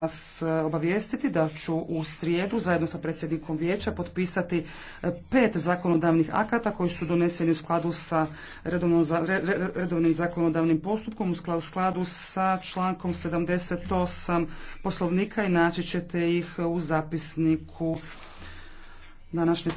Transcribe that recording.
vas e, obavijestiti da ću u srijedu zajedno sa predsjednikom vijeća potpisati e, pet zakonodavnih akata koji su doneseni u skladu sa redovnim zakonodavnim postupkom u skladu sa člankom 78 poslovnika i naći ćete ih u zapisniku današnje